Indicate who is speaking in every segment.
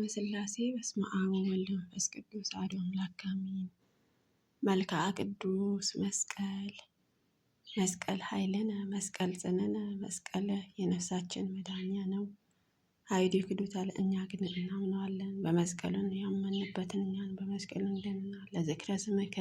Speaker 1: በስላሴ በስመ አብ ወወልድ ወመንፈስ ቅዱስ አሐዱ አምላክ አሜን። መልክዓ ቅዱስ መስቀል መስቀል ኃይልነ መስቀል ጽንዕነ መስቀል የነፍሳችን መዳኛ ነው። አይሁድ ክዱታል እኛ ግን እናምነዋለን። በመስቀሉን ያመንበትን እኛን በመስቀሉ እንደምና ለዝክረ ስምከ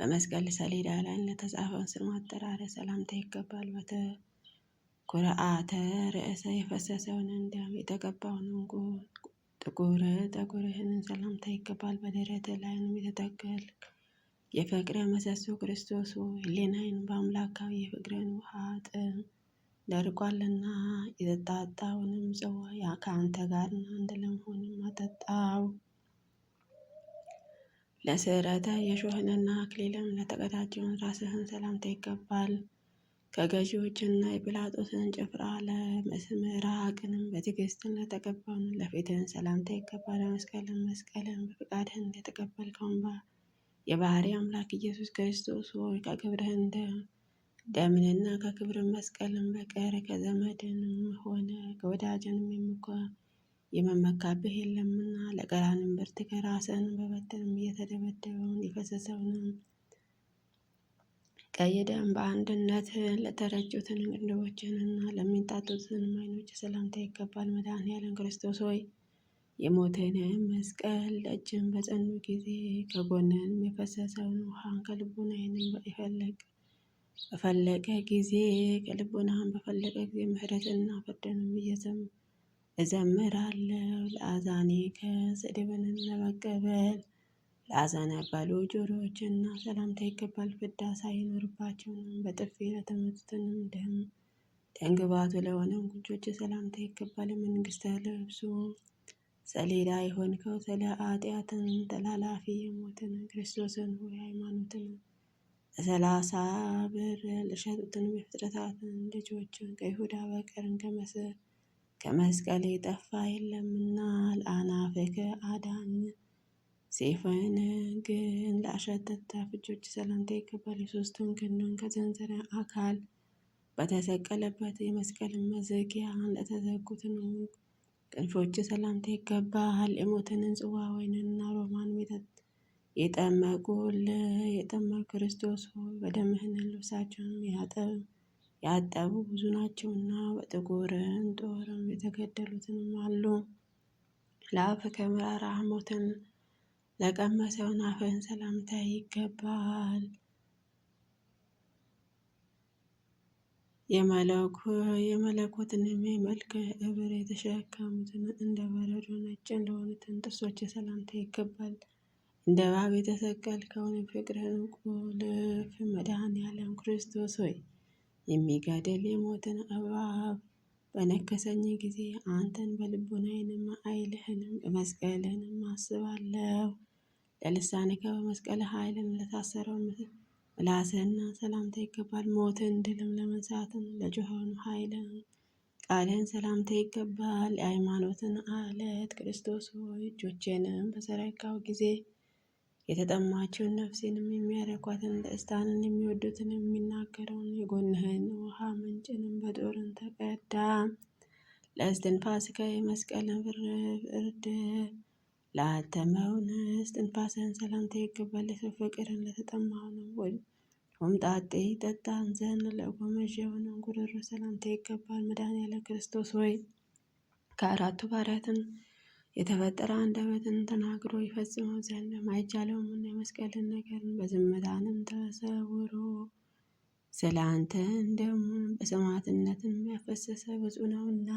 Speaker 1: በመስቀል ሰሌዳ ላይ ለተጻፈውን ስም አጠራረ ሰላምታ ይገባል በተ ኩርዓተ ርእሰ የፈሰሰውን እንዲያም የተቀባውን እንቁ ጥቁር ጠጉርህን ሰላምታ ይገባል። በደረት ላይንም የተተከል የፍቅር ምሰሶ ክርስቶስ ሆይ በአምላካዊ የፍቅርን ውሃ ጥም ደርቋልና የተጣጣውንም ጽዋ ያ ከአንተ ጋር አንድ ለመሆንም አጠጣው። ለስዕረተ የሾህንና አክሊልም ለተቀዳጀውን ራስህን ሰላምታ ይገባል። ከገዢዎችና የጲላጦስን ጭፍራ ለመስምር አቅንም በትዕግስትና ተቀባን ለፊትህን ሰላምታ ይገባል። መስቀልን መስቀልን በፍቃድህ እንደተቀበልከውን የባህሪ አምላክ ኢየሱስ ክርስቶስ ሆይ ከክብርህ እንደ ደምንና ከክብር መስቀልን በቀር ከዘመድንም ሆነ ከወዳጅንም የምኳ የመመካብህ የለምና ለቀራንም ብርት ከራስህን በበትርም እየተደበደበውን የፈሰሰውንም ቀይ ደም በአንድነት ለተረጩትን እና ለሚንጣጡትን ማይኖች ሰላምታ ይገባል። መድኃኔዓለም ክርስቶስ ሆይ የሞተን መስቀል ደጅን በጸኑ ጊዜ ከጎንን የፈሰሰውን ውሃን ከልቡናህንም ይፈለግ በፈለቀ ጊዜ ከልቡናህን በፈለቀ ጊዜ ምሕረትንና ፍርድን እየዘም እዘምራለሁ ለአዛኔ ከስድብንም ለመቀበል ለአዛን ያባሉ ጆሮዎችና ሰላምታ ይገባል። ፍዳ ሳይኖርባቸው ነው። በጥፊ ለተመቱትንም ደም ደንግባቱ ለሆነ ጉንጮች ሰላምታ ይገባል። መንግስተ ልብሱ ሰሌዳ የሆንከው ስለ ኃጢአትን ተላላፊ የሞትን ክርስቶስን ሆይ ሃይማኖትን በሰላሳ ብር ለሸጡትን የፍጥረታትን ልጆችን ከይሁዳ በቀር ከመስቀል የጠፋ የለምና ለአናፍከ አዳን ሴፈን ግን ለአሸተታ ፍጆች ሰላምታ ይገባል። የሶስቱን ክንዱን ከዘንዘረ አካል በተሰቀለበት የመስቀል መዘጊያ ለተዘጉትን ክንፎች ሰላምታ ይገባል። የሞትን ጽዋ ወይንና ሮማን የጠመቁ ክርስቶስ ሆይ በደምህን ልብሳቸውን ያጠቡ ብዙ ናቸውና በጥቁርም ጦርም የተገደሉትንም አሉ ለአፈ ከመራራ ሞትን ለቀመሰውን አፈን ሰላምታ ይገባል። የመለኮትን የመለኮትንም መልክ እብር የተሸከሙትን እንደ በረዶ ነጭ እንደሆኑትን ጥርሶች ሰላምታ ይገባል። እንደ እባብ የተሰቀልከውን ፍቅርህን ቁልፍ መድኃኔ ዓለም ክርስቶስ ሆይ የሚገድል የሞትን እባብ በነከሰኝ ጊዜ አንተን በልቡናዬንም አይልህንም መስቀልህንም አስባለሁ። ለልሳንከ በመስቀል ኃይልን ለታሰረው ምላስህና ሰላምታ ይገባል። ሞትን ድልም ለመንሳትን ለጆሆኑ ኃይልን ቃልህን ሰላምታ ይገባል። የሃይማኖትን አለት ክርስቶስ ሆይ እጆቼንም በዘረጋው ጊዜ የተጠማችውን ነፍሴንም የሚያረኳትን ደስታንን የሚወዱትን የሚናገረውን የጎንህን ውሃ ምንጭንም በጦርን ተቀዳ ለእስትንፋስከ የመስቀልን ፍርድ ላተመውን እስትንፋስህን ሰላምታ ይገባል። የሰው ፍቅርን ለተጠማውን ሆምጣጤ ጠጣን ዘን ለጎመዥ የሆነውን ጉሮሮ ሰላምታ ይገባል። መድኃኔዓለም ክርስቶስ ወይ ከአራቱ ባሪያትን የተፈጠረ አንደበትን ተናግሮ ይፈጽመው ዘንድ አይቻለውምና የመስቀልን ነገርን በዝምታንም ተሰውሮ ስለ አንተ እንደሙን በሰማዕትነትም ያፈሰሰ ብፁዕ ነውና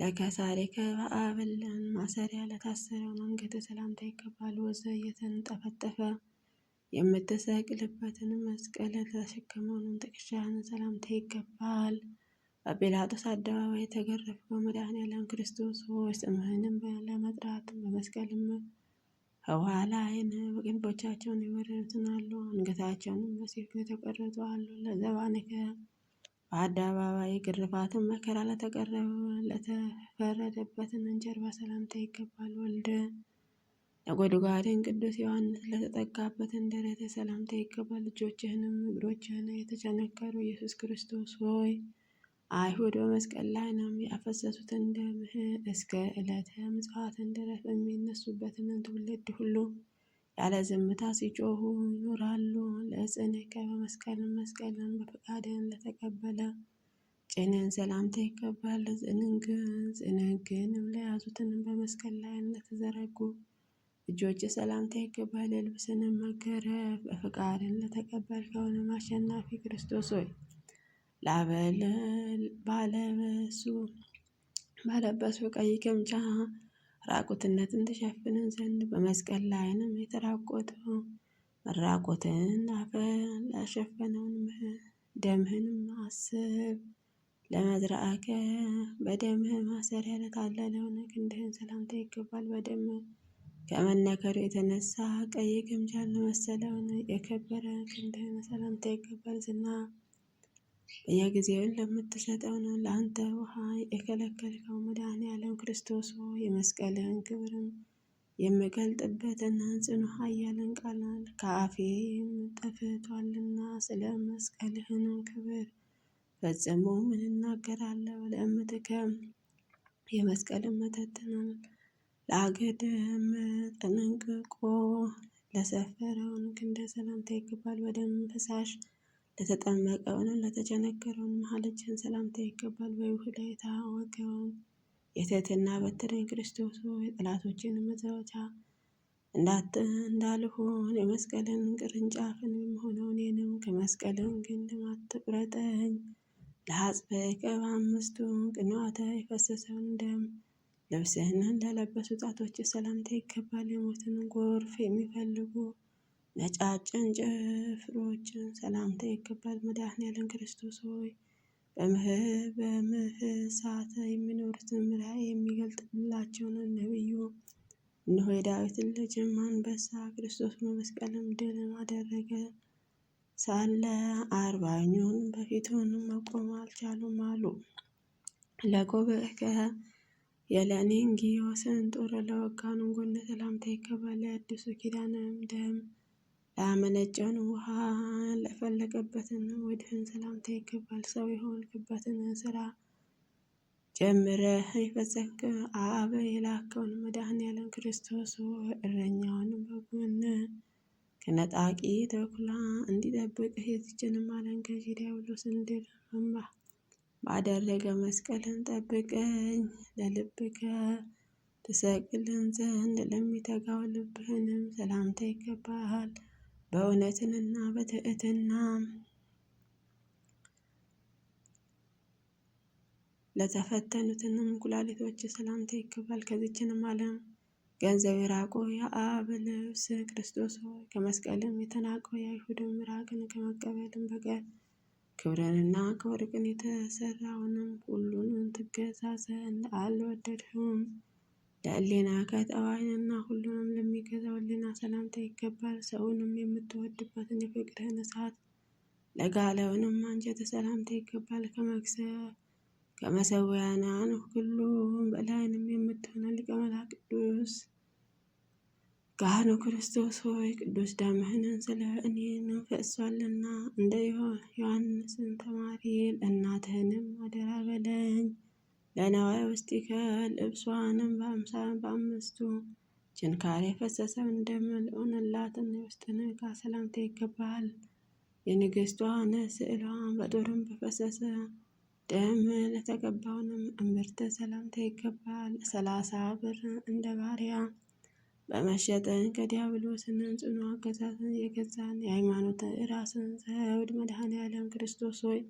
Speaker 1: ለከሳሬ ከበአብልን ማሰሪያ ለታሰረው መንገድ ሰላምታ ይገባል። ወዘ የተንጠፈጠፈ የምትሰቅልበትን መስቀል ለተሸከመውን ጥቅሻን ሰላምታ ይገባል። በጲላጦስ አደባባይ የተገረፍከው መድኃኔዓለም ክርስቶስ ሆይ ስምህንም ለመጥራት በመስቀልም ከኋላ ዓይን በቅንፎቻቸውን የመረሩትን አሉ፣ አንገታቸውንም በሰይፍ የተቆረጡ አሉ። ለዘባንከ በአደባባይ ግርፋትን መከራ ለተቀረበ ለተፈረደበትን እንጀራ ሰላምታ ይገባል። ወልደ ነጎድጓድን ቅዱስ ዮሐንስ ለተጠጋበትን ደረተ ሰላምታ ይገባል። እጆችህንም እግሮችህን የተቸነከሩ ኢየሱስ ክርስቶስ ሆይ አይሁድ በመስቀል ላይ ነው ያፈሰሱት እንደምህር እስከ ዕለተ ምጽአትን ድረስ በሚነሱበትንም ትውልድ ሁሉ ያለ ዝምታ ሲጮሁ ይኖራሉ። ለጽንከ በመስቀልን መስቀልን በፈቃድን ለተቀበለ ጭንን ሰላምታ ይገባል። ጽንግን ጽንግንም ለያዙትን በመስቀል ላይ እንደተዘረጉ እጆች ሰላምታ ይገባል። ልብስንም መገረፍ በፈቃድን ለተቀበልከውንም አሸናፊ ክርስቶስ ሆይ ባለበሱ ባለበሱ ቀይ ግምጃ ራቁትነትን ትሸፍንን ዘንድ በመስቀል ላይንም የተራቆተው መራቆትን አፈን ያሸፈነውን ደምህንም አስብ ለመዝራአከ በደምህ ማሰሪያ ለታለለውን ክንድህን ሰላምታ ይገባል። በደም ከመነከሩ የተነሳ ቀይ ግምጃን ለመሰለውን የከበረ ክንድህን ሰላምታ ይገባል ዝና በየጊዜውን ለምትሰጠው ነው ለአንተ ውሃ የከለከልከው መድኃኔ ዓለም ክርስቶስ ሆይ የመስቀልህን ክብርም የምገልጥበትና ጽኑ ኃያልን ቃል ከአፌም ጠፍቷልና ስለ መስቀልህን ክብር ፈጽሞ ምን እናገራለሁ? ለእምትከ የመስቀል መተትንን ለአግድም ጠንቅቆ ለሰፈረውን ክንደ ሰላምታ ይገባል። በደም ፈሳሽ ለተጠመቀውንም ለተቸነከረውን መሀለችን ሰላምታ ይገባል። በይሁዳ የታወቀውን የትህትና በትረኝ ክርስቶስ ሆይ ጠላቶችን መዘወቻ እንዳልሆን የመስቀልን ቅርንጫፍን የምሆነው እኔንም ከመስቀልን ግንድ አትቁረጠኝ። ለአጽብቀ በአምስቱን ቅንዋተ የፈሰሰውን ደም ልብስህን ለለበሱ ጣቶች ሰላምታ ይገባል። የሞትን ጎርፍ የሚፈልጉ ነጫጭን ጭፍሮችን ሰላምታ ይገባል። መድኃኔዓለም ክርስቶስ ሆይ በምሕሳተ የሚኖሩትን ምልአይ የሚገልጥላቸውን ነቢዩ እነሆ የዳዊትን ልጅም አንበሳ ክርስቶስ በመስቀልም ድል አደረገ ሳለ አርባኙን በፊቱን መቆም አልቻሉም አሉ። ለጎበከ የለኔን ጊዮስን ጦር ለወጋኑን ጎነ ሰላምታ ይገባል። ለአዲሱ ኪዳንም ደም ላመነጨን ውሃ ለፈለቀበትን ወድህን ሰላምታ ይገባል። ሰው የሆንክበትን ስራ ጀምረህ የፈጸምክ አብ የላከውን መድኃኔዓለም ክርስቶስ እረኛውንም በጎን ከነጣቂ ተኩላ እንዲጠብቅ የዚችን ማለን ገዢ ዲያብሎስን ድል ባደረገ መስቀልን ጠብቀኝ ለልብከ ትሰቅልን ዘንድ ለሚተጋው ልብህንም ሰላምታ ይገባሃል። በእውነትንና በትዕትና ለተፈተኑትንም ኩላሊቶች ሰላምታ ይገባል። ከዚችንም ዓለም ገንዘብ የራቆ የአብ ልብስ ክርስቶስ ሆይ ከመስቀልም የተናቀ የአይሁድም ምራቅን ከመቀበልም በቀር ክብርንና ከወርቅን የተሰራውንም ሁሉንም ትገዛ ዘንድ አልወደድሁም። ለዕሌና ከጠባይንና ሁሉንም ለሚገዛው ሕሊና ሰላምታ ይገባል። ሰውንም የምትወድበትን የፍቅርህን እሳት ለጋለውንም አንጀት ሰላምታ ይገባል። ከመሰዊያናን ሁሉ በላይንም የምትሆነ ሊቀ መላእክት ቅዱስ ካህኑ ክርስቶስ ሆይ ቅዱስ ደምህንን ስለ እኔ ፈስሷልና እንደ ዮሐንስን ተማሪ እናትህንም አደራ በለኝ። ለነዋይ ውስጢከ ልብሷንም በአምሳን በአምስቱ ጭንካሬ ፈሰሰ እንደምልዑንላትን ውስጥን ከሰላምታ ይገባል። የንግሥቷን ስዕሏን በጦርም በፈሰሰ ደም ለተቀባውንም እምብርት ሰላምታ ይገባል። ሰላሳ ብር እንደ ባሪያ በመሸጥን ከዲያብሎስንም ጽኑ አገዛዝን የገዛን የሃይማኖት ራስን ዘውድ መድኃኔ ዓለም ክርስቶስ ሆይ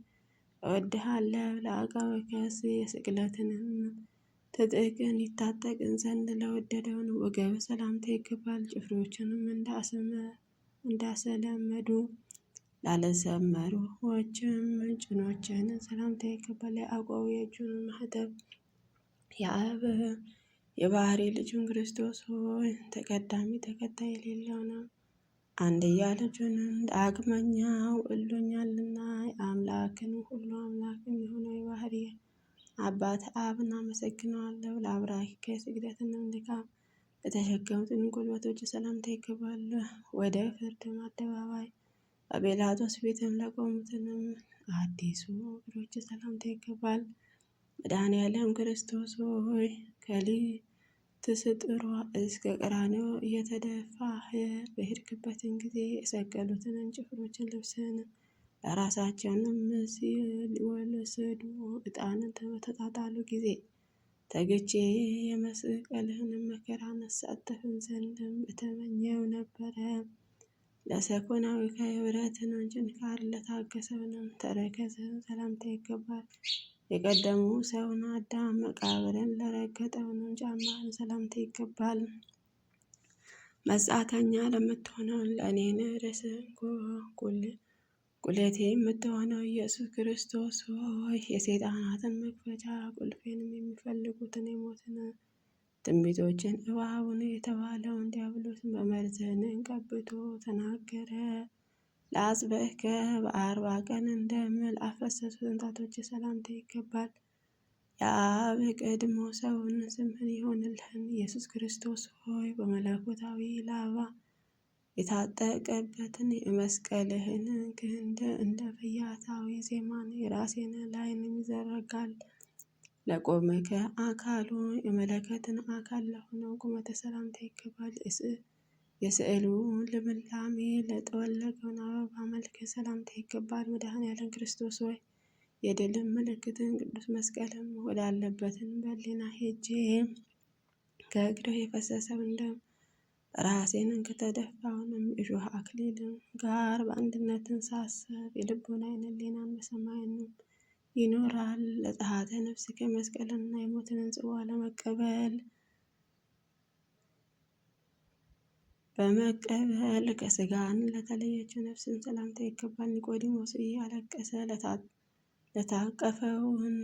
Speaker 1: እወድሃለሁ ለአቃቤ ሥ የስቅለትንም ትጥቅን ይታጠቅን ዘንድ ለወደደውን ወገብ ሰላምታ ይገባል። ጭፍሮችንም እንዳሰለመዱ ላለዘመሩ ዎችም ጭኖችን ሰላምታ ይገባል። ያዕቆብ የእጁን ማኅተም የአብ የባሕርይ ልጁን ክርስቶስ ሆይ ተቀዳሚ ተከታይ የሌለው ነው። አንድያ ልጁን ዳግመኛ ወልዶኛልና አምላክን ሁሉ አምላክም የሆነ የባህሪ አባት አብ እናመሰግነዋለሁ። ለአብራኪከ ስግደትንም ድካም ለተሸከሙትን ጉልበቶች ሰላምታ ይገባል። ወደ ፍርድም አደባባይ በጲላጦስ ቤትም ለቆሙትንም አዲሱ እግሮች ሰላምታ ይገባል። መድኃኔ ያለም ክርስቶስ ሆይ ከሊ ተሰጥሮ እስከ ቀራንዮ እየተደፋህ በሄድክበትን ጊዜ የሰቀሉትን ጭፍሮችን ልብስህን ራሳቸውንም ሲወለሰዱ እጣንን በተጣጣሉ ጊዜ ተግቼ የመስቀልህን መከራ እሳተፍም ዘንድም እተመኘው ነበረ።
Speaker 2: ለሰኮናዊ
Speaker 1: ከህብረትን ጭንካር ለታገሰውንም ተረከዝህን ሰላምታ ይገባል። የቀደሙ ሰውን አዳም መቃብርን ነው ጫማን ሰላምታ ይገባል። መጻተኛ ለምትሆነው ለእኔ ርዕስ ቁሌቴ የምትሆነው ኢየሱስ ክርስቶስ ሆይ የሰይጣናትን መክፈቻ ቁልፌንም የሚፈልጉትን የሞትን ትንቢቶችን እባቡን የተባለውን ዲያብሎስን በመርዝን ቀብቶ ተናገረ። ለአጽብዕከ በአርባ ቀን እንደምል አፈሰሱ ጥንታቶች ሰላምታ ይገባል። የአብ ቀድሞ ሰውን ስምህን ይሆንልህን ኢየሱስ ክርስቶስ ሆይ በመለኮታዊ ላባ የታጠቀበትን የመስቀልህን ክንድ እንደ ፈያታዊ ዜማን የራሴን ላይን ይዘረጋል። ለቆመከ አካሉ የመለከትን አካል ለሆነው ቁመተ ሰላምታ ይገባል። የስዕሉ ልምላሜ ለጠወለገውን አበባ መልክ ሰላምታ ይገባል። መድኃኔዓለም ክርስቶስ ሆይ የድልን ምልክትን ቅዱስ መስቀልም ወዳለበትን በሊና ሄጄ ከእግርህ የፈሰሰውን ደም ራሴንን ከተደፋውንም እሾህ አክሊልም ጋር በአንድነትን ሳስብ የልቡን አይነ ሌናን በሰማይንም ይኖራል ለጸሐተ ነፍስ ከመስቀልና የሞትን ጽዋ ለመቀበል በመቀበል ከስጋን ለተለየችው ነፍስን ሰላምታ ይገባል። ኒቆዲሞስ እያለቀሰ ለታቀፈውን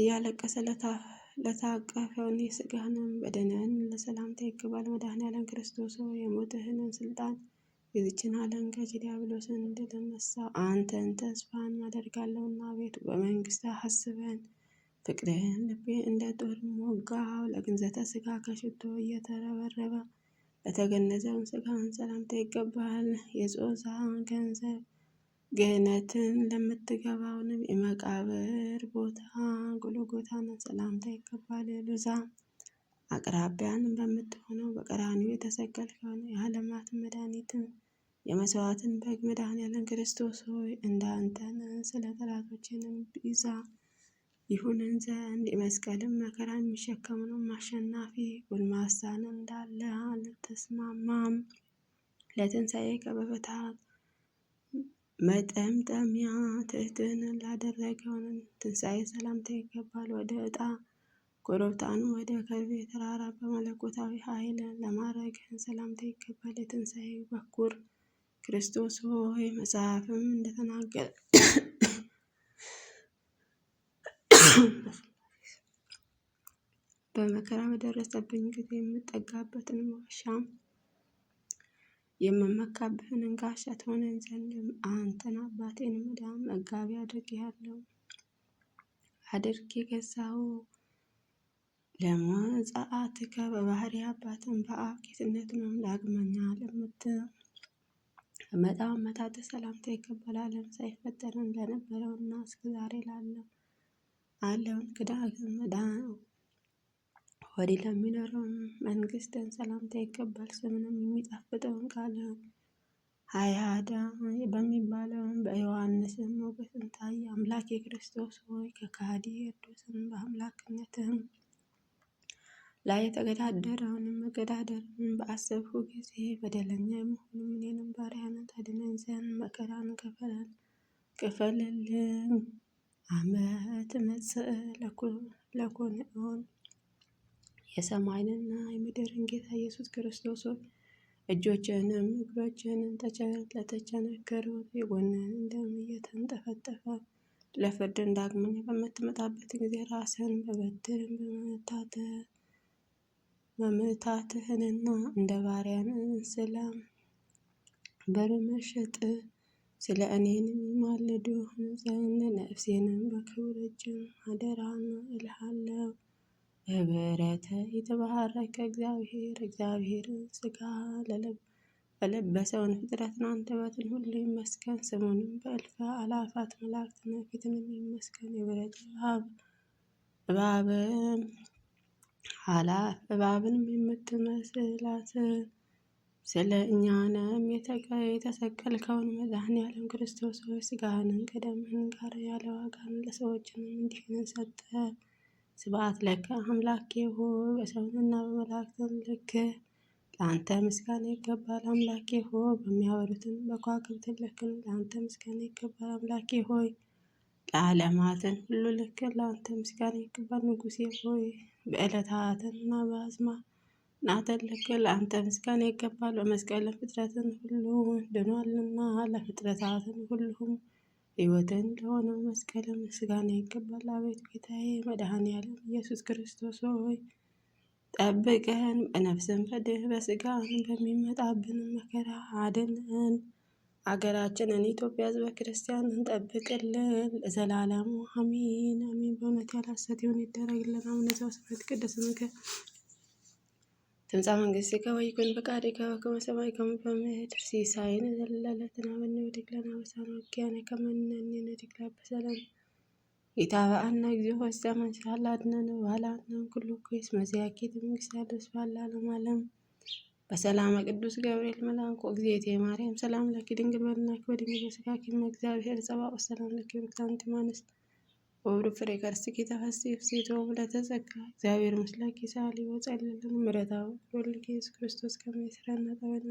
Speaker 1: እያለቀሰ ለታቀፈውን የስጋህንም በደህናን ለሰላምታ ይገባል። መድኃኔዓለም ክርስቶስ የሞትህንን ስልጣን የዚችን ዓለም ገዥ ዲያብሎስን እንድትነሳ አንተን ተስፋ እናደርጋለሁና ቤቱ በመንግስት አስበን። ፍቅርህን ልቤ እንደ ጦር ሞጋው ለግንዘተ ስጋ ከሽቶ እየተረበረበ ለተገነዘውን ስጋን ሰላምታ ይገባል የጾዛን ገንዘብ ገነትን ለምትገባውንም የመቃብር ቦታ ጎልጎታን ሰላምታ ይገባል የሉዛ አቅራቢያን በምትሆነው በቀራኒው የተሰቀልከውን የዓለማት መድኃኒትን የመስዋዕትን በግ መድኃኔዓለም ክርስቶስ ሆይ እንዳንተን ስለ ጠላቶችንም ቢዛ ይሁንን ዘንድ የመስቀልን መከራ የሚሸከመውን አሸናፊ ጎልማሳን እንዳለ አልተስማማም። ለትንሣኤ ከበፈታ መጠምጠሚያ ትህትን ላደረገውን ትንሣኤ ሰላምታ ይገባል። ወደ ዕጣ ኮረብታን ወደ ከርቤ ተራራ በመለኮታዊ ኃይል ለማረግህን ሰላምታ ይገባል። የትንሣኤ በኩር ክርስቶስ ሆይ መጽሐፍም እንደተናገረ በመከራ በደረሰብኝ ጊዜ የምጠጋበትን ዋሻ የምመካብህን ጋሻ ትሆነኝ ዘንድም አንተን አባቴን መዳም መጋቢ ያለው አድርጌ ገዛው ለመጽአትከ በባህሪ አባትን በአብ ነው ዳግመኛ ለምት መጣ መታተ ሰላምታ ይከበላለን ዓለም ሳይፈጠርን እና እስከ ዛሬ ላለው አለውን ወዲህ ለሚኖረውም መንግስትን ሰላምታ ይገባል። ስምንም የሚጣፍጠውን ቃል ሀያዳ በሚባለውን በዮሐንስም ሞገስን ታየ። አምላክ የክርስቶስ ሆይ ከካዲ ሄሮድስም በአምላክነትህም ላይ የተገዳደረውን መገዳደርን በአሰብኩ ጊዜ በደለኛ የመሆኑን እኔንም ባሪያህን ታድነኝ ዘንድ መከራን ክፈልልኝ አመት መጽእ ለኮንኦን የሰማይንና የምድርን ጌታ ኢየሱስ ክርስቶስ ሆይ እጆችህንም እግሮችህንም ለተቸነከሩ የጎንህን ደም እየተንጠፈጠፈ ለፍርድ ዳግመኛ በምትመጣበት ጊዜ ራስህን በበትርን መምታትህንና እንደ ባሪያን እንስላ በርምሽጥ ስለ እኔን የሚማልዱ ሕምፀን ነፍሴንም በክብርጅም አደራን እልሃለሁ። በበረተ የተባረከ እግዚአብሔር እግዚአብሔርን ስጋ ለለብ በለበሰውን ፍጥረትን አንደበትን ሁሉ ይመስገን። ስሙንም በእልፍ አላፋት መላእክት ፊትንም ይመስገን። የበረተ እባብ እባብም እባብንም የምትመስላትን ስለ እኛ ነው የተሰቀልከውን መድኃኒዓለም ክርስቶስ ሆይ ሥጋህንም ከደምህን ጋር ያለ ዋጋን ለሰዎችንም እንዲህን ሰጠ። ስብዓት ለከ አምላኬ ሆይ በሰውንና በመላእክትም ልክ ለአንተ ምስጋና ይገባል። አምላኬ ሆይ በሚያበሩትን በከዋክብት ልክም ለአንተ ምስጋና ይገባል። አምላኬ ሆይ ለዓለማትን ሁሉ ልክ ለአንተ ምስጋና ይገባል። ንጉሴ ሆይ በዕለታትን እና በአዝማ ናተልከ ለአንተ ምስጋና ይገባል። በመስቀል ፍጥረትን ሁሉ ድኗልና ለፍጥረታትን ሁሉም ሕይወትን ለሆነ መስቀል ምስጋና ይገባል። አቤቱ ጌታዬ መድኃኔዓለም ኢየሱስ ክርስቶስ ሆይ ጠብቀን፣ በነፍስን ፈድህ በስጋም በሚመጣብን መከራ አድነን። አገራችንን ኢትዮጵያ ሕዝበ ክርስቲያንን ጠብቅልን ለዘላለሙ አሜን አሜን። በእውነት ያላሰት ይሁን ይደረግልን። አቡነ ዘበሰማያት ይትቀደስ ስምከ ትምጻ መንግስት ከወይኩን ፈቃድከ ከመ ሰማይ ከመ በምድር ሲሳይን ዘለለለትን ሀበነ ወድግለነ አበሳነ ወኪያነ ከመ ንሕነኒ ንድግላ በሰላም ጌታ በአና እግዚኦ ፈጸመ ስለ አድነነ ባላድነን ኩሉ ኩይስ መዚያኪ መንግስት ያድርስ ባላለም አለም በሰላም ቅዱስ ገብርኤል መልአኩ እግዝእቴ ማርያም ሰላም ለኪ ድንግል በልናኪ ወድንግል በስጋኪ እመ እግዚአብሔር ጸባኦት ሰላም ለኪ ወክሳንቲ ማነስ በሁሉ ፍሬ ጋር ስቂ ተፈስሒ ፍሴቶ ለተጸጋ እግዚአብሔር ምስለ ኪሳሊ ወጸልልን ምረታው ሮልጌ ኢየሱስ ክርስቶስ ከመይ ስራና ጠበል